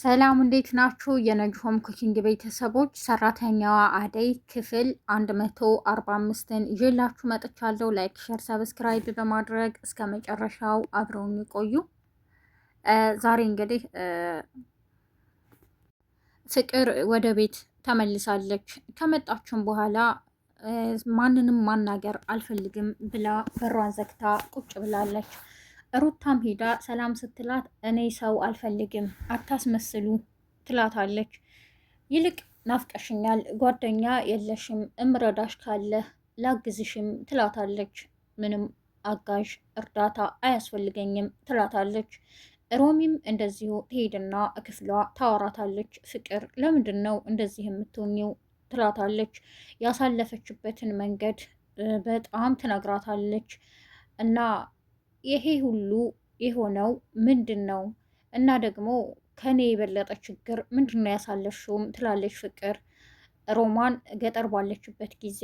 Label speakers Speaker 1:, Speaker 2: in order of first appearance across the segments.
Speaker 1: ሰላም እንዴት ናችሁ? የነጅሆም ኩኪንግ ቤተሰቦች ሰራተኛዋ አደይ ክፍል 145ን ይዤላችሁ መጥቻለሁ። ላይክ፣ ሼር፣ ሰብስክራይብ በማድረግ እስከ መጨረሻው አብረውን ይቆዩ። ዛሬ እንግዲህ ፍቅር ወደ ቤት ተመልሳለች። ከመጣችም በኋላ ማንንም ማናገር አልፈልግም ብላ በሯን ዘግታ ቁጭ ብላለች። ሩታም ሄዳ ሰላም ስትላት እኔ ሰው አልፈልግም አታስመስሉ ትላታለች። ይልቅ ናፍቀሽኛል፣ ጓደኛ የለሽም፣ እምረዳሽ ካለ ላግዝሽም ትላታለች። ምንም አጋዥ እርዳታ አያስፈልገኝም ትላታለች። ሮሚም እንደዚሁ ትሄድና ክፍሏ ታወራታለች። ፍቅር ለምንድን ነው እንደዚህ የምትሆኚው? ትላታለች። ያሳለፈችበትን መንገድ በጣም ትነግራታለች እና ይሄ ሁሉ የሆነው ምንድን ነው? እና ደግሞ ከኔ የበለጠ ችግር ምንድን ነው ያሳለፍሽውም? ትላለች ፍቅር። ሮማን ገጠር ባለችበት ጊዜ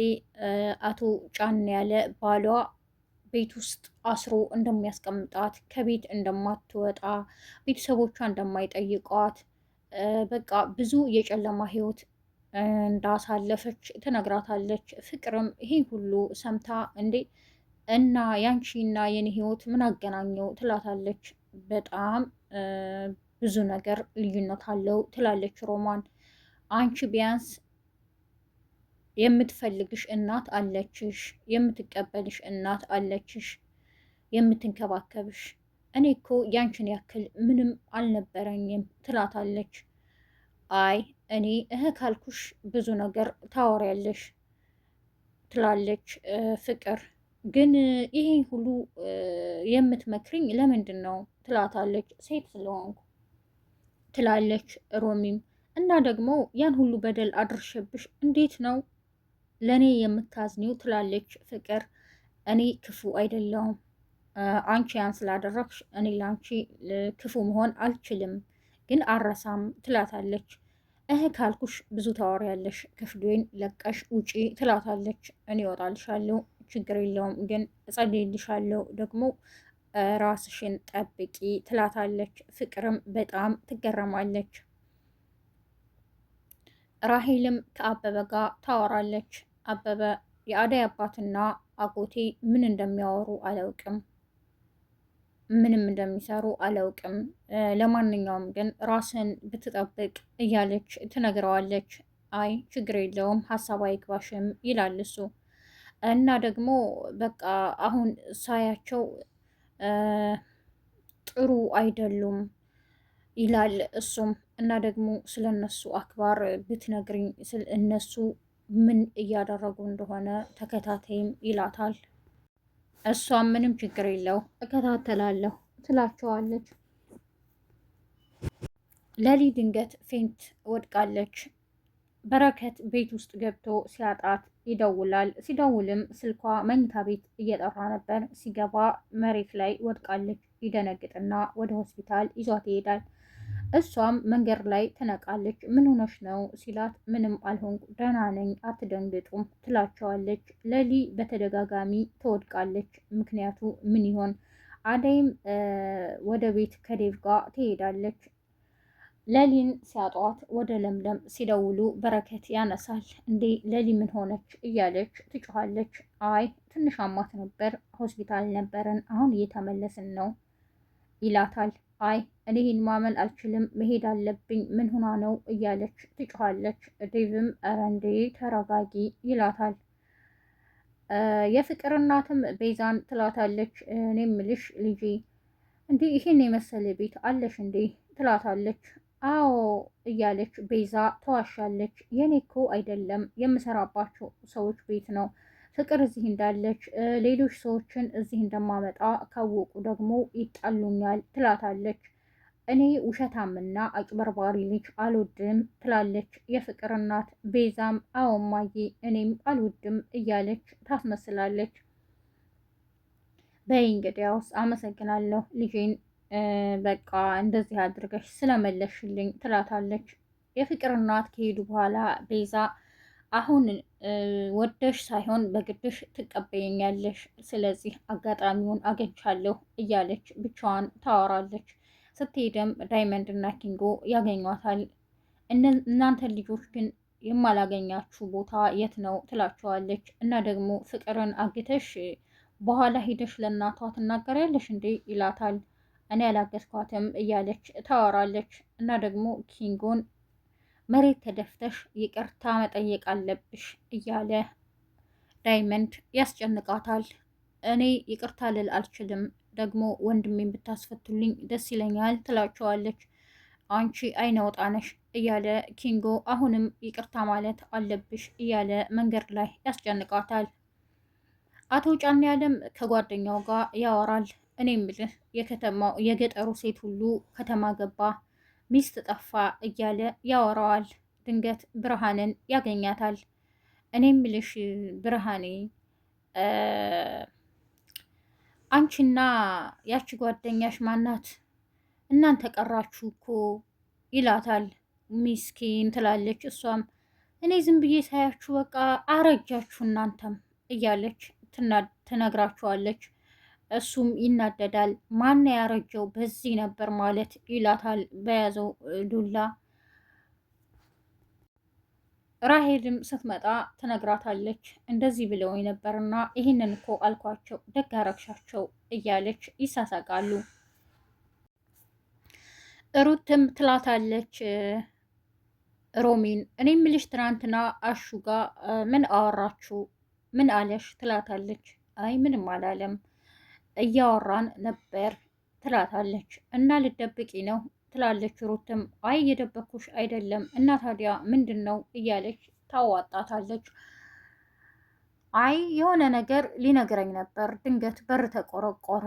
Speaker 1: አቶ ጫን ያለ ባሏ ቤት ውስጥ አስሮ እንደሚያስቀምጣት ከቤት እንደማትወጣ ቤተሰቦቿ እንደማይጠይቋት በቃ ብዙ የጨለማ ህይወት እንዳሳለፈች ትነግራታለች። ፍቅርም ይሄ ሁሉ ሰምታ እንዴ እና ያንቺ እና የኔ ህይወት ምን አገናኘው ትላታለች። በጣም ብዙ ነገር ልዩነት አለው ትላለች ሮማን። አንቺ ቢያንስ የምትፈልግሽ እናት አለችሽ፣ የምትቀበልሽ እናት አለችሽ፣ የምትንከባከብሽ። እኔ እኮ ያንቺን ያክል ምንም አልነበረኝም ትላታለች። አይ እኔ እህ ካልኩሽ ብዙ ነገር ታወሪያለሽ ትላለች ፍቅር ግን ይሄን ሁሉ የምትመክርኝ ለምንድን ነው ትላታለች። ሴት ስለሆንኩ ትላለች ሮሚም። እና ደግሞ ያን ሁሉ በደል አድርሸብሽ እንዴት ነው ለእኔ የምታዝኒው? ትላለች ፍቅር። እኔ ክፉ አይደለሁም አንቺ ያን ስላደረግሽ እኔ ለአንቺ ክፉ መሆን አልችልም፣ ግን አረሳም ትላታለች። እህ ካልኩሽ ብዙ ታወሪያለሽ፣ ክፍሌን ለቀሽ ውጪ ትላታለች። እኔ እወጣልሻለሁ ችግር የለውም ግን እጸልይልሻለሁ ደግሞ ራስሽን ጠብቂ ትላታለች። ፍቅርም በጣም ትገረማለች። ራሄልም ከአበበ ጋር ታወራለች። አበበ የአደይ አባትና አጎቴ ምን እንደሚያወሩ አላውቅም፣ ምንም እንደሚሰሩ አላውቅም። ለማንኛውም ግን ራስን ብትጠብቅ እያለች ትነግረዋለች። አይ ችግር የለውም ሀሳብ አይግባሽም ይላል እሱ። እና ደግሞ በቃ አሁን ሳያቸው ጥሩ አይደሉም ይላል እሱም። እና ደግሞ ስለ እነሱ አክባር ብትነግርኝ ስለ እነሱ ምን እያደረጉ እንደሆነ ተከታተይም ይላታል። እሷም ምንም ችግር የለው እከታተላለሁ ትላቸዋለች። ለሊ ድንገት ፌንት ወድቃለች። በረከት ቤት ውስጥ ገብቶ ሲያጣት ይደውላል። ሲደውልም ስልኳ መኝታ ቤት እየጠራ ነበር። ሲገባ መሬት ላይ ወድቃለች። ይደነግጥና ወደ ሆስፒታል ይዟት ይሄዳል። እሷም መንገድ ላይ ትነቃለች። ምን ሆነሽ ነው ሲላት፣ ምንም አልሆንኩ ደህና ነኝ፣ አትደንግጡም ትላቸዋለች። ለሊ በተደጋጋሚ ትወድቃለች። ምክንያቱ ምን ይሆን? አደይም ወደ ቤት ከዴቭ ጋር ትሄዳለች። ለሊን ሲያጧት ወደ ለምለም ሲደውሉ በረከት ያነሳል። እንዴ ለሊ ምን ሆነች እያለች ትጮኋለች። አይ ትንሽ አሟት ነበር፣ ሆስፒታል ነበርን፣ አሁን እየተመለስን ነው ይላታል። አይ እኔ ይህን ማመን አልችልም፣ መሄድ አለብኝ፣ ምን ሆና ነው እያለች ትጮኋለች። ዴቭም ኧረ እንዴ ተረጋጊ ይላታል። የፍቅር እናትም ቤዛን ትላታለች። እኔ ልሽ ልጄ እንዲህ ይህን የመሰለ ቤት አለሽ እንዴ? ትላታለች አዎ እያለች ቤዛ ተዋሻለች። የኔ እኮ አይደለም የምሰራባቸው ሰዎች ቤት ነው። ፍቅር እዚህ እንዳለች ሌሎች ሰዎችን እዚህ እንደማመጣ ካወቁ ደግሞ ይጣሉኛል ትላታለች። እኔ ውሸታምና አጭበርባሪ ልጅ አልወድም ትላለች የፍቅር እናት። ቤዛም አዎማዬ እኔም አልወድም እያለች ታስመስላለች። በይ እንግዲያውስ አመሰግናለሁ ልጄን በቃ እንደዚህ አድርገሽ ስለመለሽልኝ ትላታለች። የፍቅር እናት ከሄዱ በኋላ ቤዛ አሁን ወደሽ ሳይሆን በግድሽ ትቀበየኛለሽ፣ ስለዚህ አጋጣሚውን አገኝቻለሁ እያለች ብቻዋን ታወራለች። ስትሄደም ዳይመንድ እና ኪንጎ ያገኟታል። እናንተ ልጆች ግን የማላገኛችሁ ቦታ የት ነው ትላቸዋለች። እና ደግሞ ፍቅርን አግተሽ በኋላ ሂደሽ ለእናቷ ትናገሪያለሽ እንዴ ይላታል። እኔ ያላገዝኳትም እያለች ታወራለች። እና ደግሞ ኪንጎን መሬት ተደፍተሽ ይቅርታ መጠየቅ አለብሽ እያለ ዳይመንድ ያስጨንቃታል። እኔ ይቅርታ ልል አልችልም፣ ደግሞ ወንድሜን ብታስፈቱልኝ ደስ ይለኛል ትላቸዋለች። አንቺ አይነወጣነሽ እያለ ኪንጎ አሁንም ይቅርታ ማለት አለብሽ እያለ መንገድ ላይ ያስጨንቃታል። አቶ ጫን ያለም ከጓደኛው ጋር ያወራል። እኔ የምልህ የከተማው የገጠሩ ሴት ሁሉ ከተማ ገባ ሚስት ጠፋ እያለ ያወራዋል። ድንገት ብርሃንን ያገኛታል። እኔ ምልሽ ብርሃኔ አንቺና ያቺ ጓደኛሽ ማናት? እናንተ ቀራችሁ እኮ ይላታል። ሚስኪን ትላለች እሷም እኔ ዝም ብዬ ሳያችሁ በቃ አረጃችሁ እናንተም እያለች ትነግራችኋለች። እሱም ይናደዳል። ማን ያረጀው በዚህ ነበር ማለት ይላታል በያዘው ዱላ። ራሄልም ስትመጣ ትነግራታለች። እንደዚህ ብለው ነበርና ይህንን እኮ አልኳቸው ደግ አረግሻቸው እያለች ይሳሳቃሉ። ሩትም ትላታለች ሮሚን እኔ ምልሽ ትናንትና አሹጋ ምን አወራችሁ? ምን አለሽ? ትላታለች አይ ምንም አላለም እያወራን ነበር ትላታለች። እና ልደብቂ ነው ትላለች ሩትም። አይ የደበኩሽ አይደለም እና ታዲያ ምንድን ነው እያለች ታዋጣታለች። አይ የሆነ ነገር ሊነግረኝ ነበር፣ ድንገት በር ተቆረቆረ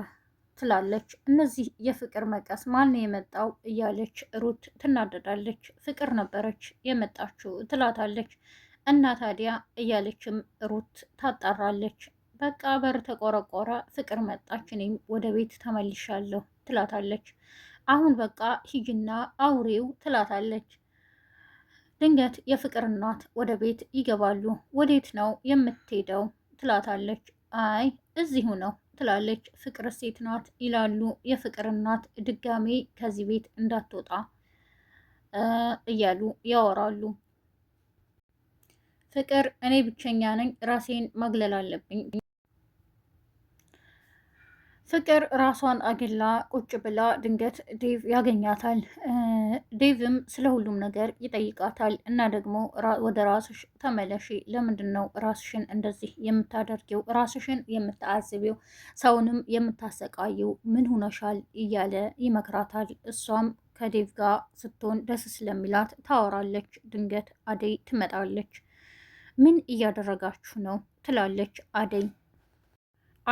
Speaker 1: ትላለች። እነዚህ የፍቅር መቀስ ማን የመጣው እያለች ሩት ትናደዳለች። ፍቅር ነበረች የመጣችው ትላታለች። እና ታዲያ እያለችም ሩት ታጣራለች። በቃ በር ተቆረቆረ፣ ፍቅር መጣች፣ እኔም ወደ ቤት ተመልሻለሁ ትላታለች። አሁን በቃ ሂጅና አውሬው ትላታለች። ድንገት የፍቅር እናት ወደ ቤት ይገባሉ። ወዴት ነው የምትሄደው ትላታለች። አይ እዚሁ ነው ትላለች። ፍቅር ሴት ናት ይላሉ የፍቅር እናት። ድጋሜ ከዚህ ቤት እንዳትወጣ እያሉ ያወራሉ። ፍቅር እኔ ብቸኛ ነኝ፣ ራሴን መግለል አለብኝ ፍቅር ራሷን አግላ ቁጭ ብላ ድንገት ዴቭ ያገኛታል። ዴቭም ስለ ሁሉም ነገር ይጠይቃታል። እና ደግሞ ወደ ራስሽ ተመለሺ፣ ለምንድን ነው ራስሽን እንደዚህ የምታደርጊው? ራስሽን የምታዝቢው ሰውንም የምታሰቃየው ምን ሁነሻል? እያለ ይመክራታል። እሷም ከዴቭ ጋር ስትሆን ደስ ስለሚላት ታወራለች። ድንገት አደይ ትመጣለች። ምን እያደረጋችሁ ነው? ትላለች አደይ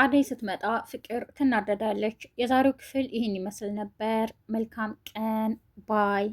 Speaker 1: አደይ ስትመጣ ፍቅር ትናደዳለች። የዛሬው ክፍል ይህን ይመስል ነበር። መልካም ቀን ባይ